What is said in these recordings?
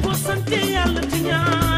boo sante yàlla ci ñaan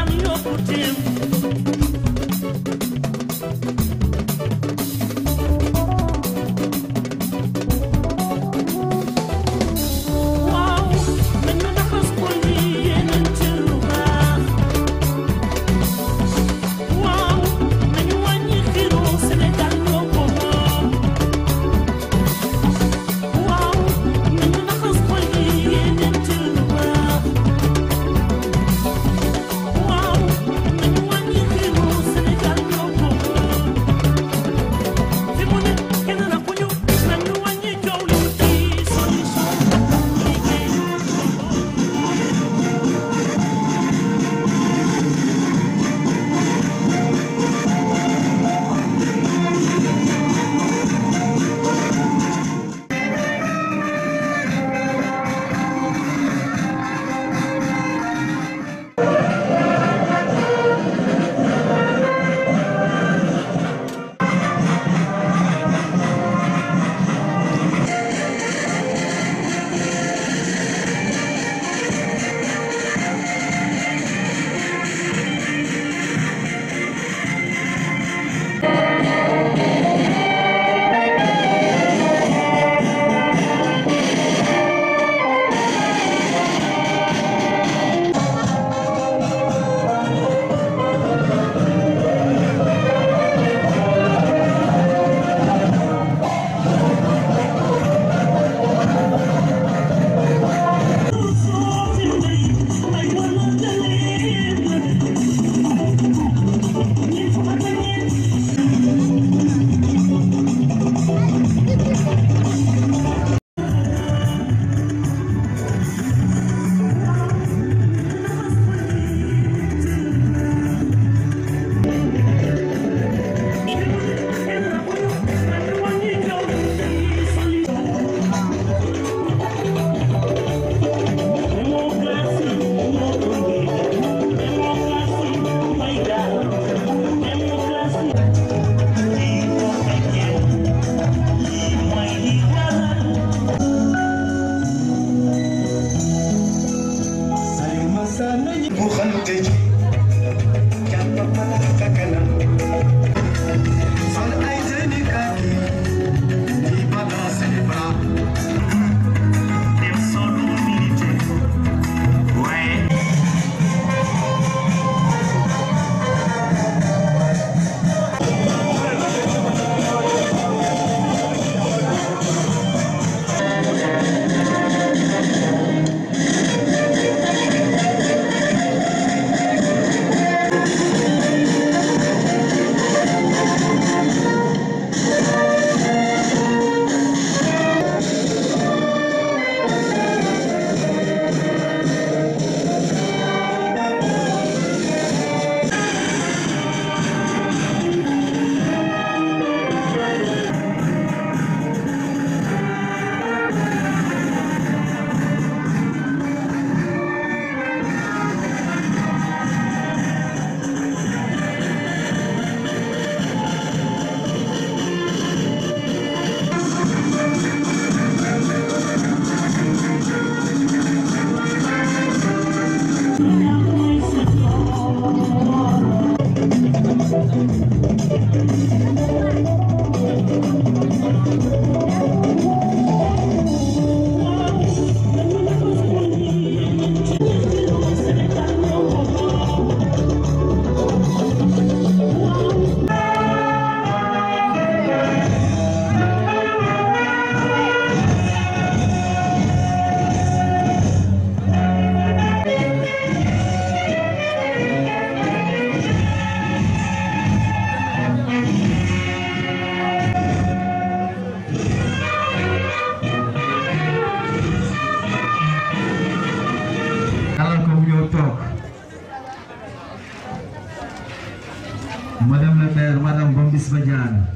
Badiane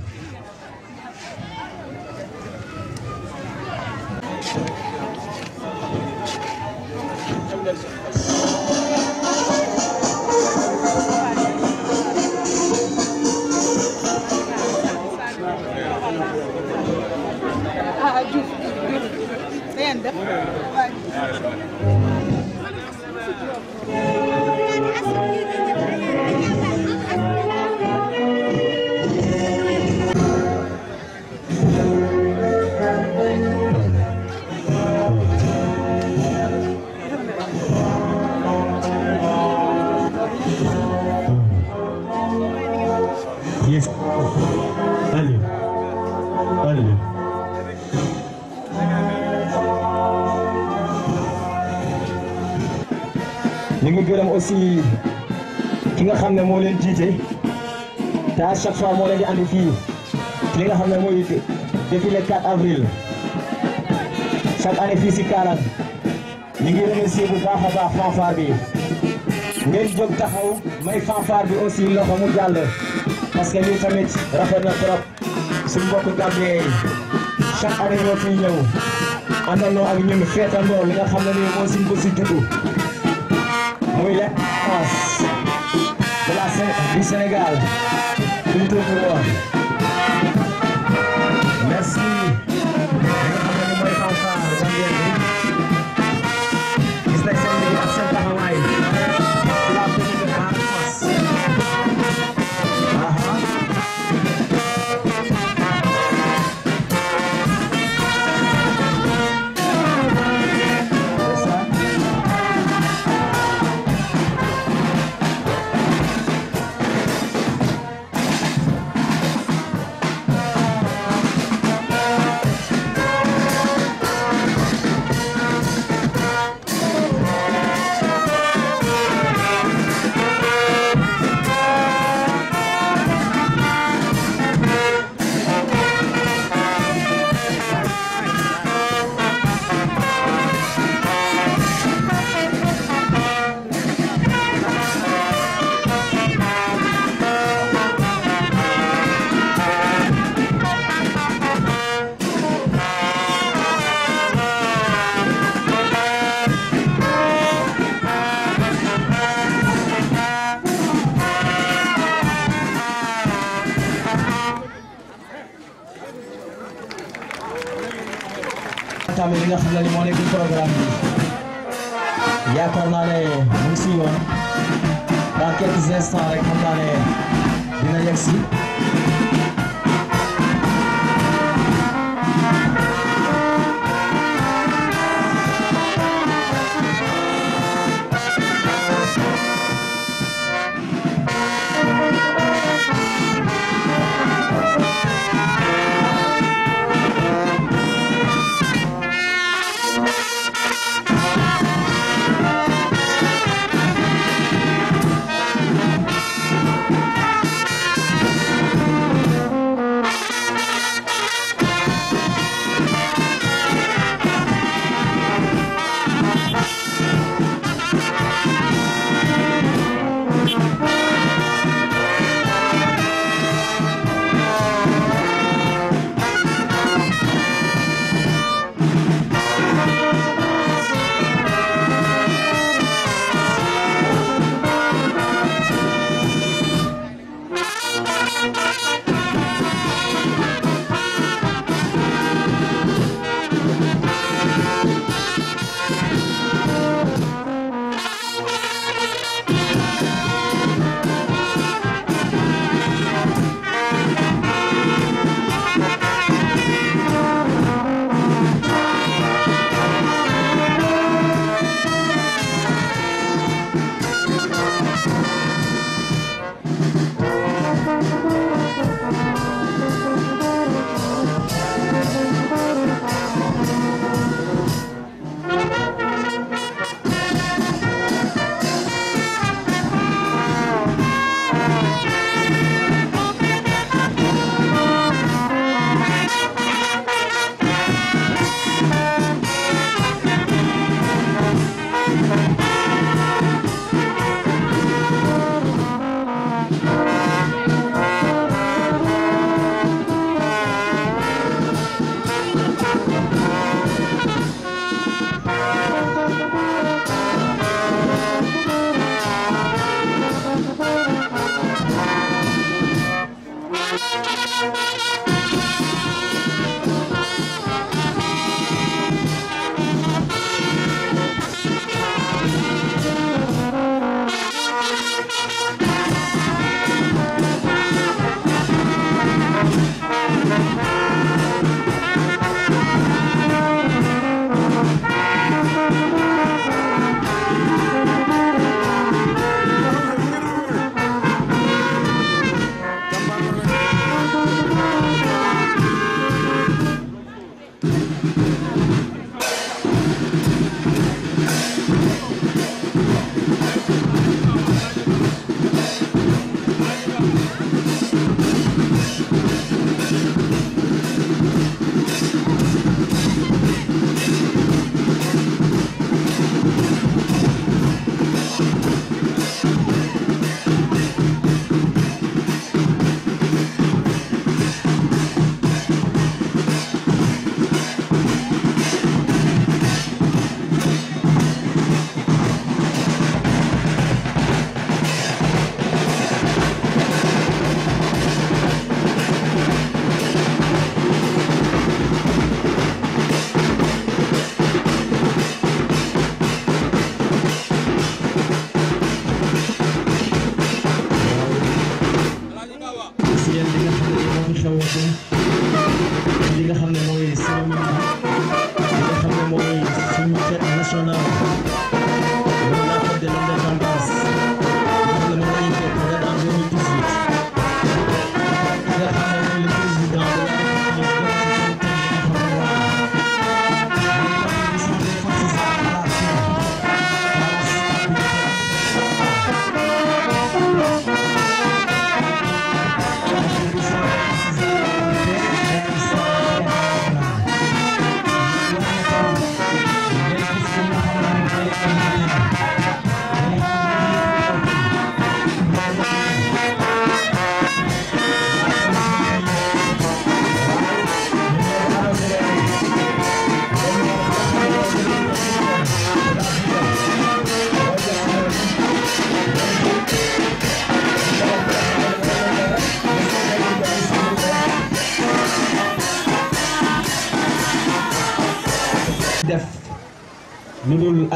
ki nga xam ne moo leen jiite te à chaque fois moo leen di fii li nga xam ne moo défilé 4 avril chaque année fii si Kaaràn ñu ngi si bu baax a baax fanfare bi ngeen jóg taxaw may fanfare bi aussi loxo mu jàll parce que lii tamit rafet na trop suñu mbokku gambien yi chaque année ñoo fiy ñëw àndandoo ak ñun feetandoo li nga xam ne nii moo si bés si dugg. muy la France de la scène du Sénégal. Merci.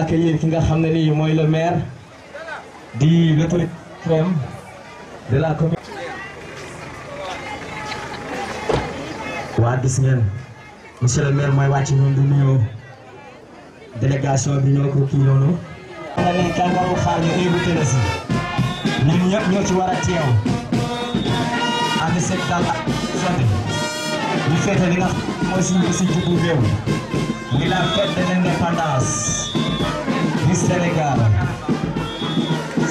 accueillir ki nga xam ne nii mooy le maire di l'autorité suprême de la commune. waa gis ngeen monsieur le maire mooy wàcc noonu du nuyoo délégation bi ñoo ko kii noonu. xam nga ne kàngaaru xaar ñu invité la si. ñun ñëpp ñoo ci war a teew. ànd seeg daal ak santé. ñu nga xam mooy suñu suñu réew. muy la fête de l'indépendance. Sénégal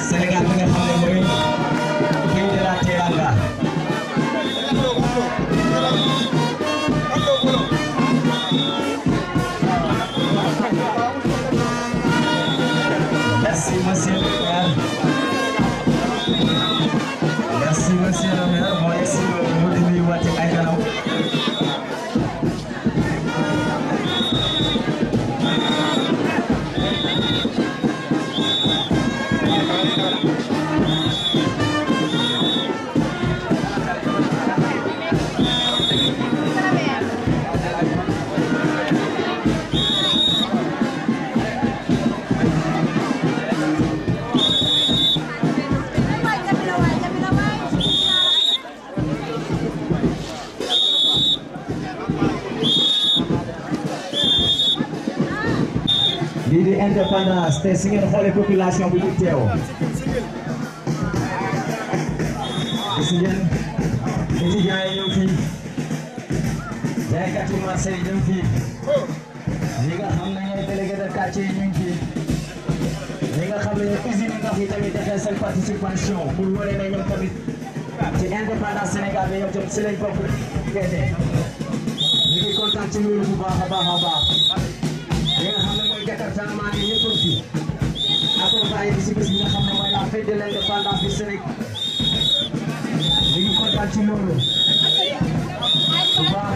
Sénégal ndaxte si ngeen xoolee population bu ñu teew gis ngeen étudiants yi ñëw fii jaaykat yi marché yi ñëw fii ñi nga xam ne ñooy délégué de quartier yi ñu ngi fii ñi nga xam ne usine ndox yi tamit defee seen participation pour wane ne ñoom tamit ci indépendance Sénégal bi ñoom tamit si lañ bokk féete ñu ngi kontaan ci loolu bu baax a baax a baax maa ngi ñëppoon fii accompagné bi si bis bi nga xam ne mooy la fête de l'indépendance du Sénégal ñu ngi kontaan ci loolu bu baax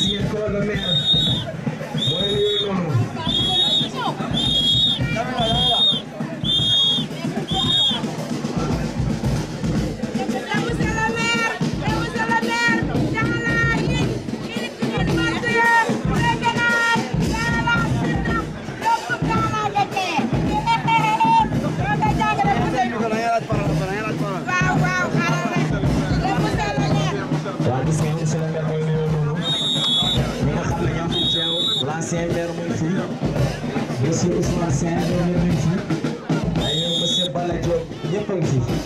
si ngeen ko le maire mooy yooyu noonu seen doom yëpp ngi fi ay ñoom monsieur Balla Diop ñëpp a ngi fi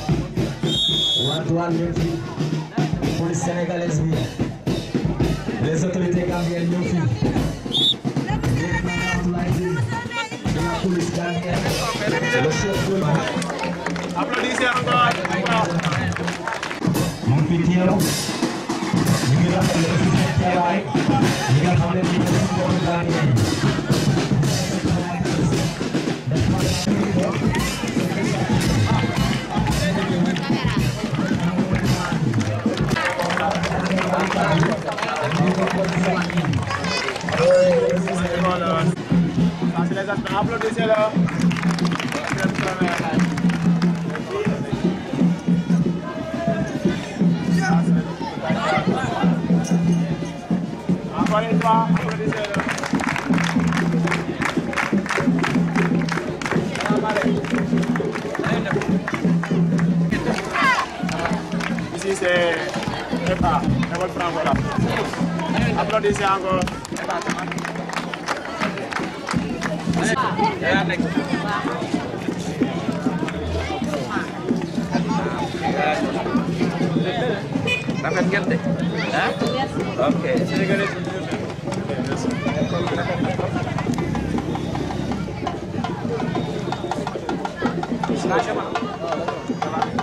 wantuwaan ñu ngi fi police sénégalaise bi les autorités gambiennes ñu ngi fi de la police gambienne le chef de mu ngi fi teew ñu ngi rafetlu ci seen teewaay ñi nga xam ne ñu ngi fi Encore une fois. c'est Eva, Eva Franco là. Applaudissez encore Eva Franco. Rafet ngeen de. ah. ok. Merci.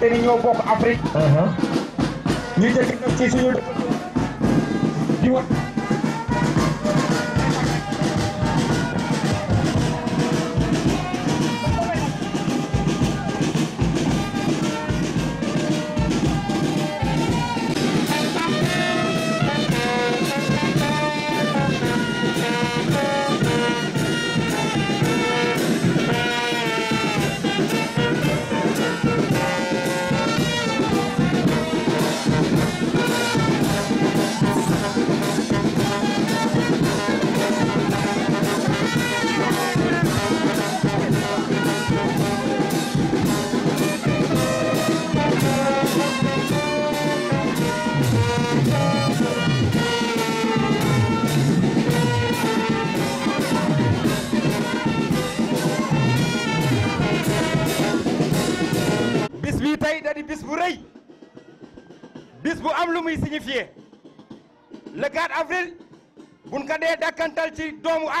xamante ni ñoo bokk Afrique. Uh-huh. ñu jëkk nag ci suñu di wax.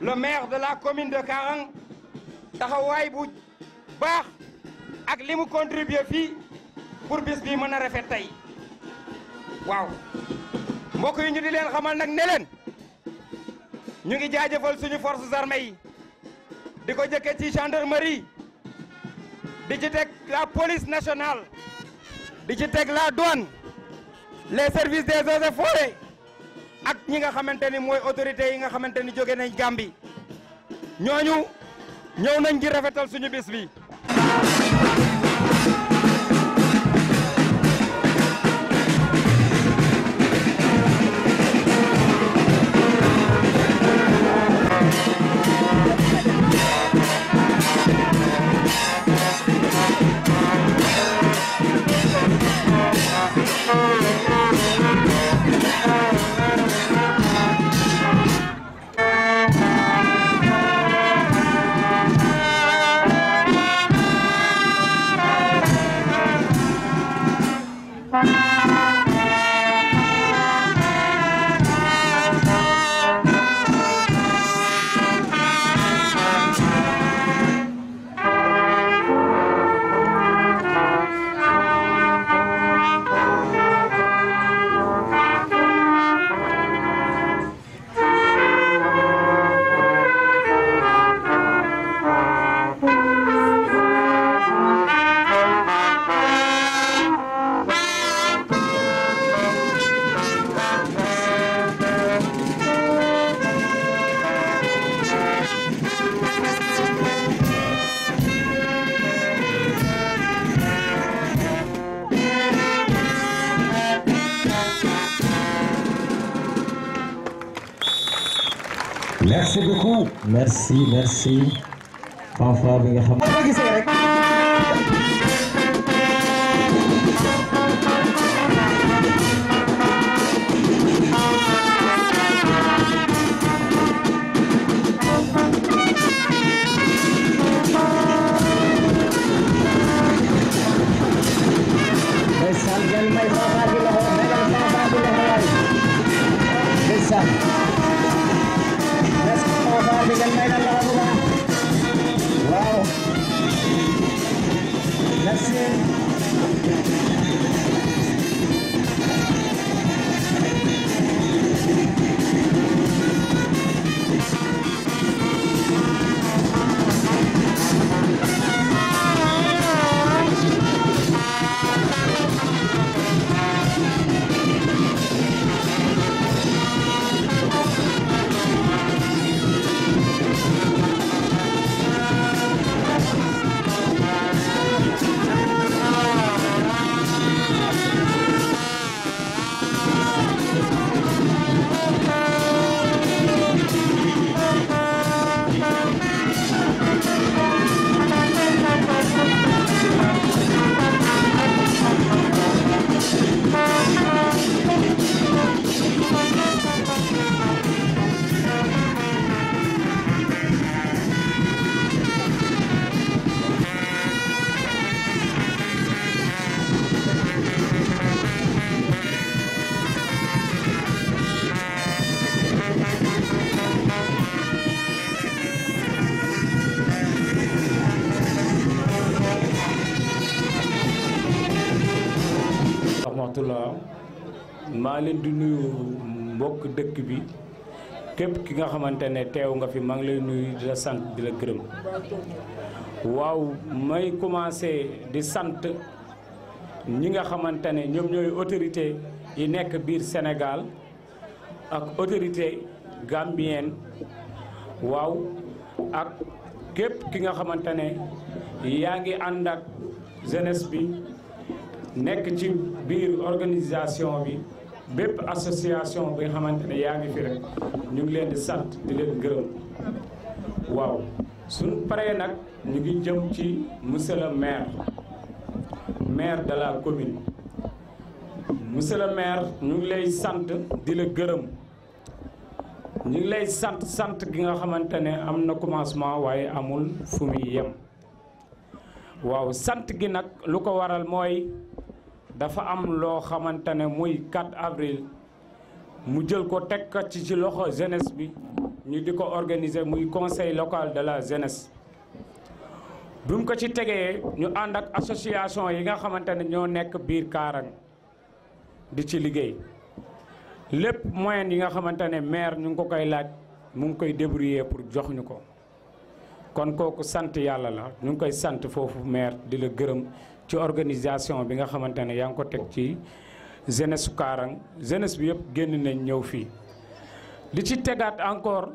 le maire de la commune de Karang taxawaay bu baax ak limu mu contribuer fii pour bis mën a rafet tey waaw mbokk yu ñu di leen xamal nag ne ñu ngi jaajëfal suñu forces armées yi di ko jëkke ci gendarmerie di ci teg la police nationale di ci teg la douane les services de eaux et ak ñi nga xamante ni mooy autorités yi nga xamante ni jóge nañ Gàmbi ñooñu ñëw nañ ji rafetal suñu bis bi Merci, merci. képp ki nga xamante ne teew nga fi maa lay nuyu la sant di la gërëm waaw may commencé di sant ñi nga xamante ne ñoom ñooy autorité yi nekk biir senegal ak autorité gambienne waaw ak képp ki nga xamante ne yaa ngi ànd ak jeunesse bi nekk ci biir organisation bi bépp association bi nga xamante ne yaa ngi fi rek ñu ngi leen di sant di leen gërëm waaw suñ paree nag ñu ngi jëm ci monsieur le maire maire de la commune monsieur le maire ñu ngi lay sant di la gërëm ñu ngi lay sant sant gi nga xamante ne am na commencement waaye amul fu muy yem waaw sant gi nag lu ko waral mooy dafa am loo xamante ne muy 4 avril mu jël ko teg ko ci loxo jeunesse bi ñu di ko organiser muy conseil local de la jeunesse bi mu ko ci tegee ñu ànd ak association yi nga xamante ne ñoo nekk biir Kaarang di ci liggéey lépp moyen yi nga xamante ne maire ñu ngi ko koy laaj mu ngi koy débrouiller pour jox ñu ko kon kooku sant yàlla la ñu ngi koy sant foofu maire di la gërëm ci organisation bi nga xamante ne yaa ngi ko teg ci jeunesse Karang jeunesse bi yëpp génn nañ ñëw fii li ci tegaat encore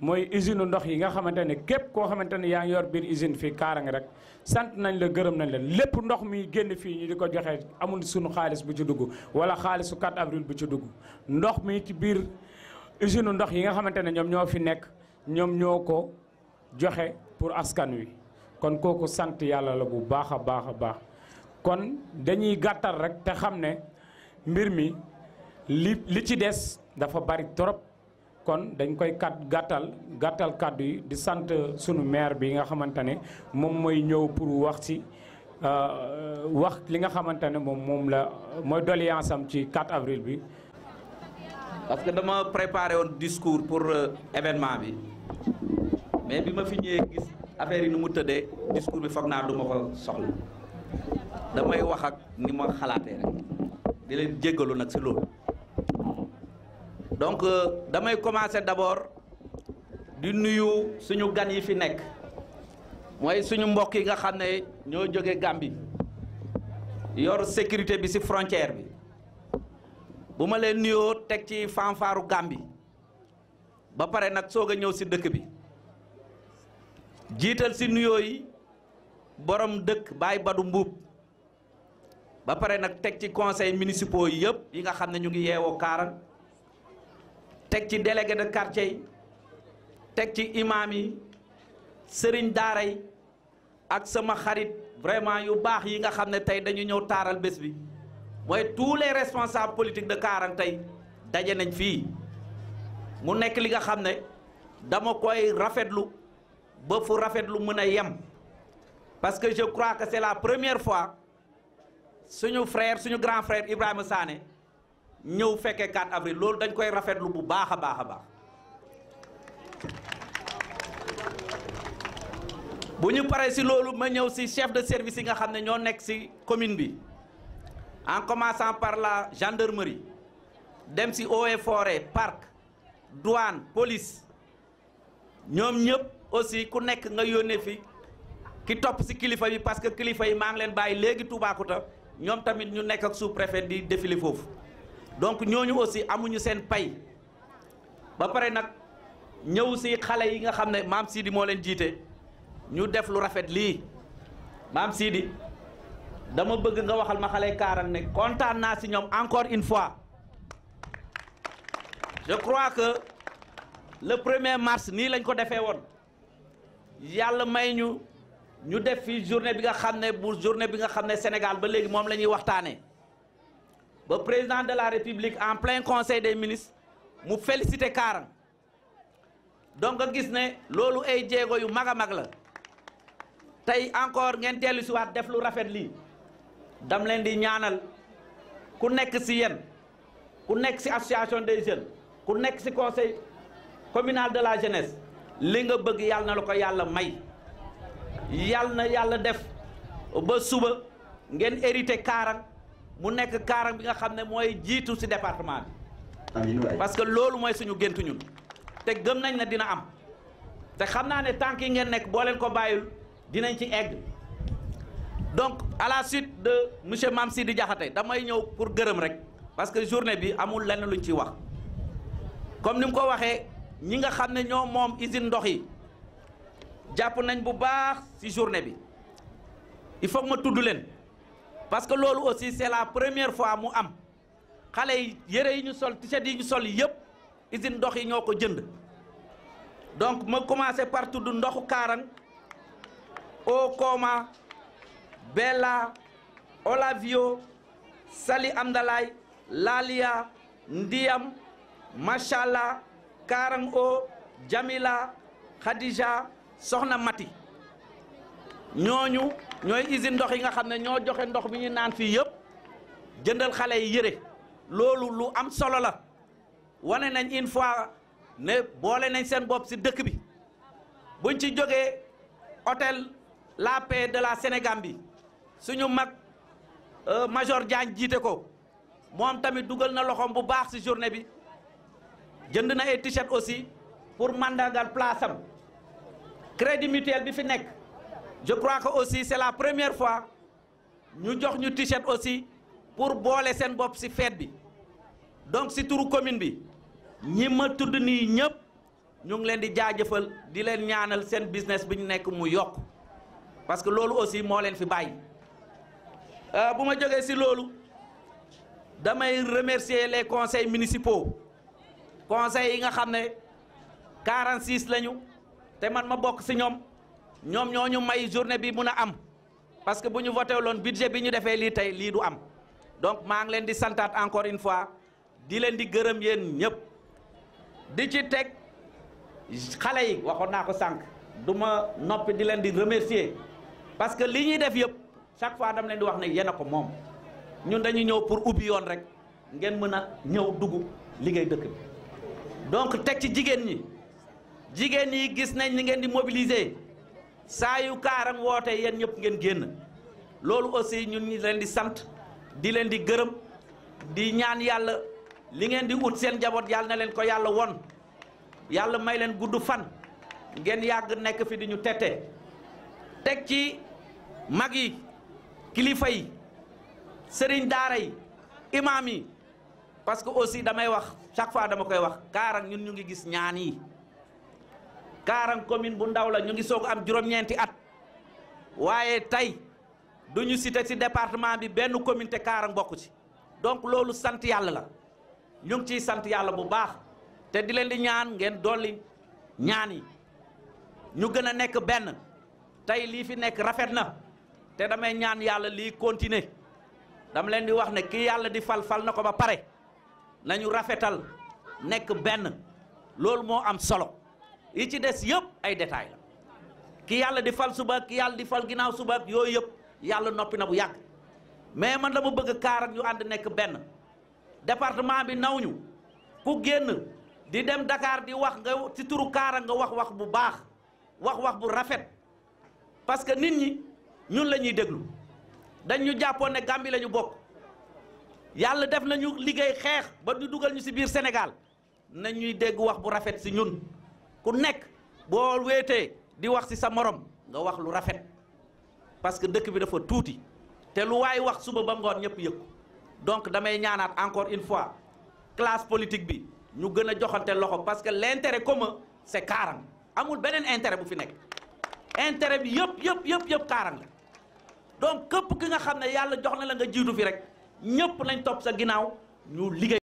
mooy usine ndox yi nga xamante ne képp koo xamante ne yaa ngi yor biir usine fii Karang rek sant nañ la gërëm nañ la lépp ndox mi génn fii ñu di ko joxe amul sunu xaalis bu ci dugg wala xaalisu 4 avril bu ci dugg ndox mi ci biir usine ndox yi nga xamante ne ñoom ñoo fi nekk ñoom ñoo ko joxe pour askan wi kon kooku sant yàlla la bu baax a baax a baax kon dañuy gàttal rek te xam ne mbir mi li li ci des dafa bari trop kon dañ koy kat gàttal gàttal kàddu yi di sant sunu maire bi nga xamante ne moom mooy ñëw pour wax ci euh, wax li nga xamante ne moom moom la mooy doléance am ci 4 avril bi. parce dama préparé woon discours pour euh, événement bi mais bi ma fi ñëwee gis affaire yi nu mu tëddee discours bi foog naa du ma ko soxla. damay wax ak ni ma xalaatee rek di leen jéggalu nag si loolu donc euh, damay commencer d'abord di nuyu suñu gan yi fi nekk mooy suñu mbokk yi nga xam ne ñoo jóge gàmbi yor sécurité bi si frontière bi bu ma leen nuyoo teg ci fanfaaru gàmbi ba pare nag soog a ñëw si dëkk bi jiital si nuyoo yi borom dëkk Baye Badou Mbuub ba pare nag teg ci conseil municipaux yi yëpp yi nga xam ne ñu ngi yeewoo Kaarang teg ci délégué de quartier yi teg ci imaam yi sëriñ daara yi ak sama xarit vraiment yu baax yi nga xam ne tey dañu ñëw taaral bés bi mooy tous les responsables politiques de Kaarang tey daje nañ fii mu nekk li nga xam ne dama koy rafetlu ba fu lu mën a yem parce que je crois que c'est la première fois suñu frère suñu grand frère Ibrahima Sané ñëw fekkee 4 avril loolu dañ koy rafetlu bu baax a baax a baax bu ñu paree si loolu ma ñëw si chef de service yi nga xam ne ñoo nekk ci commune bi en commençant par la gendarmerie dem si eaux et park parc douane police ñoom ñëpp aussi ku nekk nga yónnee fi ki topp si kilifa yi parce que kilifa yi maa ngi leen bàyyi léegi Toubacouta ñoom tamit ñu nekk ak sous rafet di défilé foofu donc ñooñu aussi amuñu seen pay ba pare nag ñëw si xale yi nga xam ne maam Sidi moo leen jiite ñu def lu rafet lii maam di dama bëgg nga waxal ma xale kaaral ne kontaan naa si ñoom encore une fois je crois que le premier mars nii lañ ko defee woon yàlla may ñu. ñu def fi journée bi nga xam ne bu journée bi nga xam ne Sénégal ba léegi moom lañuy ñuy waxtaanee ba président de la République en plein conseil des ministres mu félicité Karang donc nga gis ne loolu ay jéego yu mag a mag la tey encore ngeen teelu si waat def lu rafet lii dam leen di ñaanal ku nekk si yéen ku nekk si association des jeunes ku nekk si conseil communal de la jeunesse li nga bëgg yàlla na la ko yàlla may yal na yàlla def ba suba ngeen hérité Kaarang mu nekk Kaarang bi nga xam ne mooy jiitu ci département bi. parce que loolu mooy suñu géntu ñun. te gëm nañ ne dina am te xam naa ne tànk yi ngeen nekk boo leen ko bàyyul dinañ ci egg donc à la suite de monsieur Mame Sidi Diakhaté damay ñëw pour gërëm rek parce que journée bi amul lenn ñu ciy wax comme ni mu ko waxee ñi nga xam ne ñoo moom usine ndox yi. jàpp nañ bu baax ci journée bi il faut ma tudd leen parce que loolu aussi c'est la première fois mu am xale yi yére yi ñu sol t-shirt yi ñu sol yëpp usine ndox yi ñoo ko jënd donc ma commencé par tudd ndoxu Kaarang Okoma Bella Olavio Sali Amdalaay Lalia Ndiyam Machallah Kaarang O Jamila Khadija soxna Mati ñooñu ñooy usine ndox yi nga xam ne ñoo joxe ndox mi ñu naan fii yëpp jëndal xale yi yére loolu lu am solo la wane nañ in fois ne boole nañ seen bopp si dëkk bi buñ ci jógee hôtel La Paix de la Sénégambie suñu mag euh, major Diagne jiite ko moom tamit dugal na loxoom bu baax si journée bi jënd na ay t-shirt aussi pour mandagal place am crédit mutuel bi fi nekk je crois que aussi c'est la première fois ñu jox ñu t-shirt aussi pour boole seen bopp ci fête bi donc ci tour commune bi ñi ma tudd nii ñëpp ñu ngi leen di jaajëfal di leen ñaanal seen business bi ñu nekk mu yokk parce que loolu aussi moo leen fi bàyyi euh, bu ma jógee ci loolu damay remercier les conseils municipaux conseils yi nga xam ne 46 lañu. te man ma bokk si ñoom ñoom ñoo ñu may journée bi mun a am parce que bu ñu voté loon budget bi ñu defee lii tey lii du am donc maa ngi leen di santaat encore une fois di leen di gërëm yéen ñëpp di ci teg xale yi waxoon naa ko sànq du ma noppi di leen di remercier parce que li ñuy def yëpp chaque fois dama leen di wax ne yéen a ko moom ñun dañu ñëw pour ubbi yoon rek ngeen mën a ñëw dugg liggéey dëkk donc teg ci jigéen ñi. jigéen yi gis nañ ni ngeen di mobiliser saa yu woote yéen ñëpp ngeen génn loolu aussi ñun ñi leen di sant di leen di gërëm di ñaan yàlla li ngeen di ut seen jaboot yàlla na leen ko yàlla won yàlla may leen gudd fan ngeen yàgg nekk fi di ñu tette teg ci mag yi kilifa yi sëriñ daara yi imaam yi parce que aussi damay wax chaque fois dama koy wax kaarang ñun ñu ngi gis ñaan yi Karang commune bu ndaw la ñu ngi soog am juróom-ñeenti at waaye tey du ñu cité ci département bi benn commune te Karang bokk ci donc loolu sant yàlla la ñu ngi ciy sant yàlla bu baax te di leen di ñaan ngeen dolli ñaani ñu gën a nekk benn tey lii fi nekk rafet na te damay ñaan yàlla lii continuer dama leen di wax ne kii yàlla di fal fal na ko ba pare nañu rafetal nekk benn loolu moo am solo. yi ci des yëpp ay détails la ki yàlla di fal suba ki yàlla di fal ginnaaw suba ak yooyu yëpp yàlla noppi na bu yàgg mais man dama bëgg kaar ñu ànd nekk benn département bi naw ñu ku génn di dem dakaar di wax nga ci turu kaara nga wax wax bu baax wax wax bu rafet parce que nit ñi ñun la ñuy déglu dañ jàppoon ne gàmbi lañu bokk yàlla def nañu liggéey xeex ba du dugal ñu ci biir Sénégal nañuy dégg wax bu rafet ci ñun. ku nekk boo wéetee di wax ci sa morom nga wax lu rafet parce que dëkk bi dafa tuuti te lu waay wax suba ba ngoon ñëpp yëg donc damay ñaanaat encore une fois classe politique bi ñu gën a joxante loxo parce que l'intérêt commun c'est Karang amul beneen intérêt bu fi nekk intérêt bi yëpp yëpp yëpp yëpp Karang la donc képp ki nga xam ne yàlla jox na la nga jiitu fi rek ñëpp lañ topp sa ginnaaw ñu liggéey.